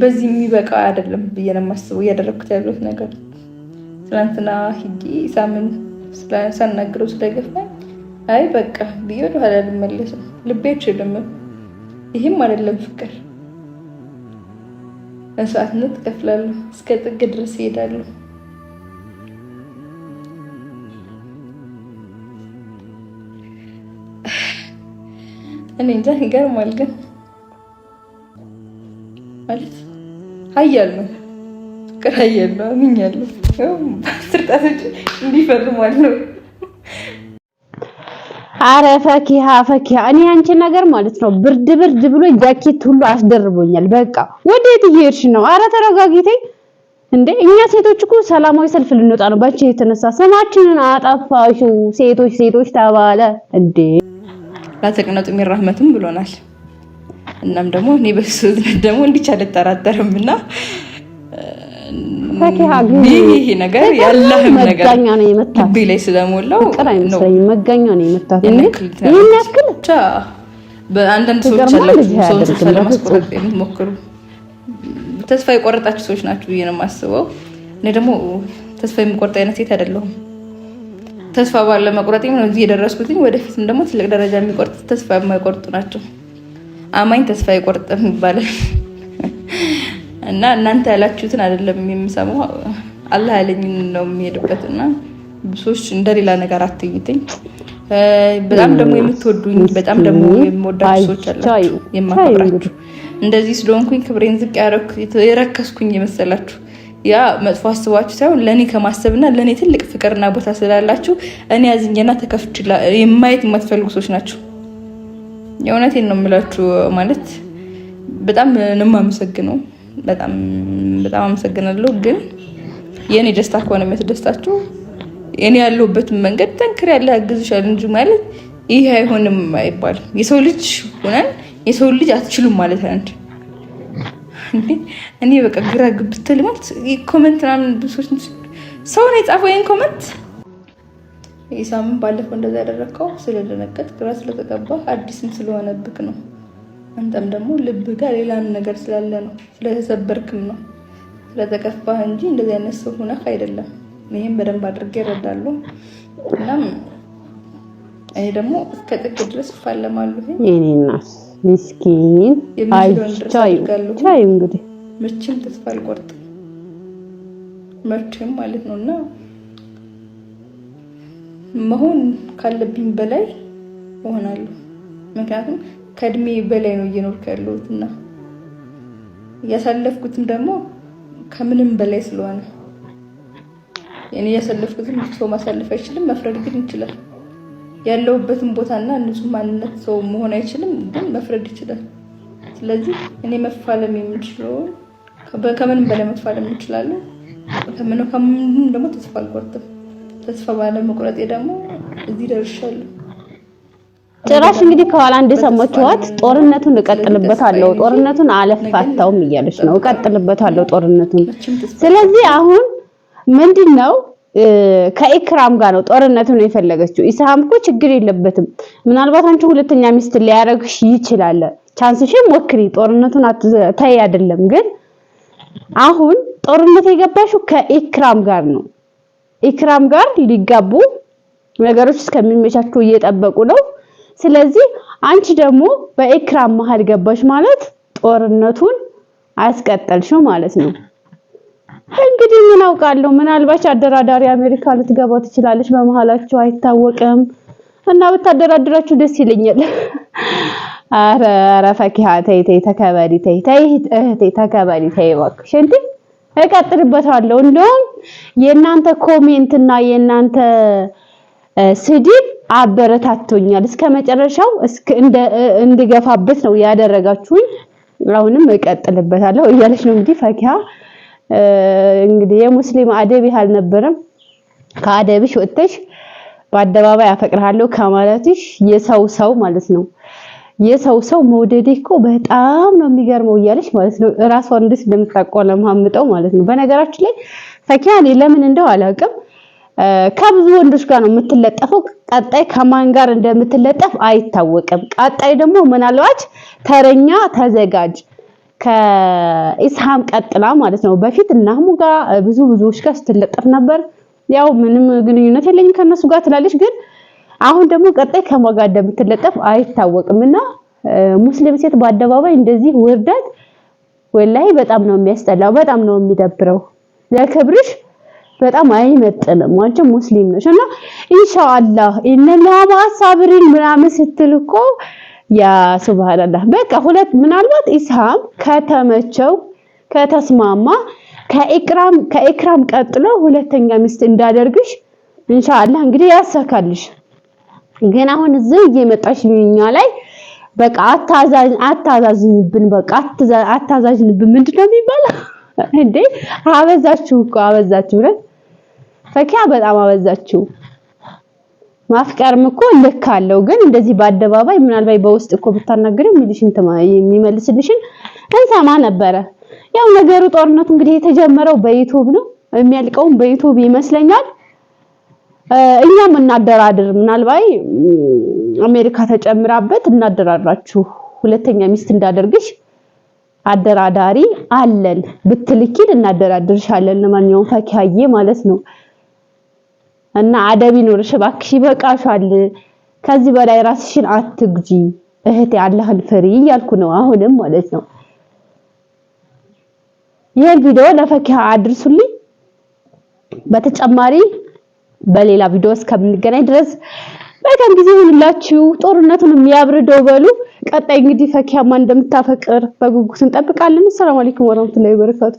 በዚህ የሚበቃ አይደለም ብዬ ነው የማስበው። እያደረግኩት ያሉት ነገር ትናንትና ሂጂ ሳምን ሳናግረው ስለገፋኝ አይ በቃ ብዬ ወደኋላ አልመለስም ልቤ አይችልም። ይህም አይደለም ፍቅር። መስዋዕትነት እከፍላለሁ፣ እስከ ጥግ ድረስ እሄዳለሁ። እኔ እንጃ ይገርማል ግን ማለት ሀያል ነው ፍቅር ሀያል ነው። አምኛለሁ በአስር ጣቶች እንዲፈርማል ነው። አረ ፈኪሃ ፈኪሃ፣ እኔ አንቺን ነገር ማለት ነው ብርድ ብርድ ብሎ ጃኬት ሁሉ አስደርቦኛል። በቃ ወዴት እየሄድሽ ነው? አረ ተረጋጊቴ እንዴ! እኛ ሴቶች እኮ ሰላማዊ ሰልፍ ልንወጣ ነው። ባንቺ የተነሳ ስማችንን አጠፋሽው። ሴቶች ሴቶች ተባለ እንዴ! ላተቀነጡ የሚራህመትም ብሎናል። እናም ደግሞ እኔ በሱ ደግሞ እንዲች አልጠራጠርም እና ይህ ነገር ያለህም ነገር ልቤ ላይ ስለሞላው መጋኛ ነው የመታት ይህን ያክል በአንዳንድ ሰዎች ያላችሁ ሰውን ተስፋ ለማስቆረጥ የምትሞክሩ ተስፋ የቆረጣችሁ ሰዎች ናችሁ ብዬ ነው የማስበው። እኔ ደግሞ ተስፋ የምቆርጥ አይነት ሴት አይደለሁም። ተስፋ ባለመቁረጥ ነው እዚህ የደረስኩትኝ። ወደፊትም ደግሞ ትልቅ ደረጃ የሚቆርጥ ተስፋ የማይቆርጡ ናቸው። አማኝ ተስፋ አይቆርጥም ይባላል እና እናንተ ያላችሁትን አይደለም የምሰማው፣ አላህ ያለኝን ነው የሚሄድበት እና ብሶች እንደሌላ ነገር አትይትኝ። በጣም ደግሞ የምትወዱኝ በጣም ደግሞ የምወዳችሁ ብሶች አላችሁ የማከብራችሁ። እንደዚህ ስለሆንኩኝ ክብሬን ዝቅ ያረኩ የረከስኩኝ የመሰላችሁ ያ መጥፎ አስባችሁ ሳይሆን ለእኔ ከማሰብና ለእኔ ትልቅ ፍቅርና ቦታ ስላላችሁ እኔ አዝኜና ተከፍችላ የማየት የማትፈልጉ ሰዎች ናቸው። የእውነቴን ነው የምላችሁ። ማለት በጣም ንም የማመሰግነው። በጣም በጣም አመሰግናለሁ። ግን የእኔ ደስታ ከሆነ የሚያስደስታችሁ እኔ ያለሁበትን መንገድ ጠንክር ያለ ያግዝሻል እንጂ ማለት ይህ አይሆንም አይባልም። የሰው ልጅ ሆነን የሰው ልጅ አትችሉም ማለት አንድ እኔ በቃ ግራ ግብት ማለት ኮመንት ምናምን ሰው ነው የጻፈው ይህን ኮመንት ኢሳምን ባለፈው እንደዛ ያደረግከው ስለደነገጥ ግራ ስለተቀባ አዲስም ስለሆነብክ ነው። አንተም ደግሞ ልብ ጋር ሌላን ነገር ስላለ ነው። ስለተሰበርክም ነው። ስለተከፋህ እንጂ እንደዚህ አይነት ሰው ሆነህ አይደለም። ይህም በደንብ አድርጌ ይረዳሉ። እናም ይሄ ደግሞ እስከ ጥግ ድረስ ይፋለማሉ። ይኔናት ምስኪን አይቻዩ እንግዲህ መቼም ተስፋ አልቆርጥም መቼም ማለት ነው እና መሆን ካለብኝ በላይ እሆናለሁ። ምክንያቱም ከእድሜ በላይ ነው እየኖርኩ ያለሁት እና ያሳለፍኩትም ደግሞ ከምንም በላይ ስለሆነ እኔ እያሳለፍኩትም ሰው ማሳለፍ አይችልም። መፍረድ ግን ይችላል። ያለሁበትን ቦታና ንጹህ ማንነት ሰው መሆን አይችልም፣ ግን መፍረድ ይችላል። ስለዚህ እኔ መፋለም የምችለውን ከምንም በላይ መፋለም እንችላለን። ከምንም ደግሞ ተስፋ አልቆርጥም። ተስፋ ባለመቁረጤ ደግሞ እዚህ ደርሻለሁ። ጭራሽ እንግዲህ ከኋላ እንደሰማችኋት ጦርነቱን እቀጥልበታለሁ፣ ጦርነቱን አለፋታውም እያለች ነው። እቀጥልበታለሁ ጦርነቱን። ስለዚህ አሁን ምንድን ነው ከኢክራም ጋር ነው ጦርነቱን የፈለገችው። ኢስሃም እኮ ችግር የለበትም። ምናልባት አንቺ ሁለተኛ ሚስት ሊያደርግሽ ይችላል። ቻንስሽን ሞክሪ። ጦርነቱን አትተይ አይደለም ግን አሁን ጦርነት የገባሽው ከኢክራም ጋር ነው። ኢክራም ጋር ሊጋቡ ነገሮች እስከሚመቻቹ እየጠበቁ ነው። ስለዚህ አንቺ ደግሞ በኢክራም መሀል ገባሽ ማለት ጦርነቱን አስቀጠልሽው ማለት ነው። እንግዲህ ምን አውቃለሁ፣ ምናልባች አደራዳሪ አሜሪካ ልትገባ ትችላለች፣ በመሀላቸው አይታወቅም። እና ብታደራድራችሁ ደስ ይለኛል። አረ አረ ፈኪሃ ተይ ተይ፣ ተከበሪ ተይ ተይ፣ እህቴ ተከበሪ ተይ እባክሽ። እንትን እቀጥልበታለሁ እንደውም የእናንተ ኮሜንት እና የእናንተ ስድብ አበረታቶኛል እስከ መጨረሻው እንድገፋበት ነው ያደረጋችሁኝ። አሁንም እቀጥልበታለሁ እያለች ነው እንግዲህ ፈኪያ እንግዲህ የሙስሊም አደብ አልነበረም። ከአደብሽ ወጥተሽ በአደባባይ አፈቅርሃለሁ ከማለትሽ የሰው ሰው ማለት ነው የሰው ሰው መውደዴ እኮ በጣም ነው የሚገርመው እያለች ማለት ነው እራሷን እንደምታቆለማምጠው ማለት ነው በነገራችን ላይ ፈኪያ ለምን እንደው አላውቅም ከብዙ ወንዶች ጋር ነው የምትለጠፈው። ቀጣይ ከማን ጋር እንደምትለጠፍ አይታወቅም። ቀጣይ ደግሞ ምናልባት ተረኛ ተዘጋጅ ከኢስሃም ቀጥላ ማለት ነው። በፊት እናሙ ጋር ብዙ ብዙዎች ጋር ስትለጠፍ ነበር። ያው ምንም ግንኙነት የለኝም ከነሱ ጋር ትላለች። ግን አሁን ደግሞ ቀጣይ ከማን ጋር እንደምትለጠፍ አይታወቅም እና ሙስሊም ሴት በአደባባይ እንደዚህ ውርደት ወላይ በጣም ነው የሚያስጠላው፣ በጣም ነው የሚደብረው። ለክብርሽ በጣም አይመጥንም። አንቺ ሙስሊም ነሽ እና ኢንሻአላህ ኢነላ ማሳብሪን ምናምን ስትል እኮ ያ ሱብሃንአላህ በቃ ሁለት ምናልባት ኢስሃም ከተመቸው ከተስማማ ከኢክራም ከኢክራም ቀጥሎ ሁለተኛ ሚስት እንዳደርግሽ ኢንሻአላህ እንግዲህ ያሳካልሽ። ግን አሁን እዚህ እየመጣሽ ልዩኛ ላይ በቃ አታዛዝ አታዛዥንብን በቃ አታዛዥንብን ምንድን ነው የሚባለው? እንዴ አበዛችሁ እኮ አበዛችሁ። ፈኪያ በጣም አበዛችሁ። ማፍቀርም እኮ ልክ አለው፣ ግን እንደዚህ በአደባባይ ምናልባት በውስጥ እኮ ብታናገሪ የሚልሽን የሚመልስልሽን እንሰማ ነበረ። ያው ነገሩ ጦርነቱ እንግዲህ የተጀመረው በዩቲዩብ ነው፣ የሚያልቀውም በዩቲዩብ ይመስለኛል። እኛም እናደራድር፣ ምናልባት አሜሪካ ተጨምራበት እናደራራችሁ ሁለተኛ ሚስት እንዳደርግሽ አደራዳሪ አለን ብትልኪን እናደራድርሻለን። ለማንኛውም ፈኪሀዬ ማለት ነው እና አደብ ይኖርሽ እባክሽ፣ ይበቃሻል። ከዚህ በላይ ራስሽን አትግጂ እህቴ፣ አላህን ፍሪ እያልኩ ነው አሁንም ማለት ነው። ይህን ቪዲዮ ለፈኪሀ አድርሱልኝ። በተጨማሪ በሌላ ቪዲዮ እስከምንገናኝ ድረስ መልካም ጊዜ ይሁንላችሁ። ጦርነቱን የሚያብርደው በሉ። ቀጣይ እንግዲህ ፈኪያማ እንደምታፈቅር በጉጉት እንጠብቃለን። ሰላም አለይኩም ወራህመቱላሂ ወበረካቱ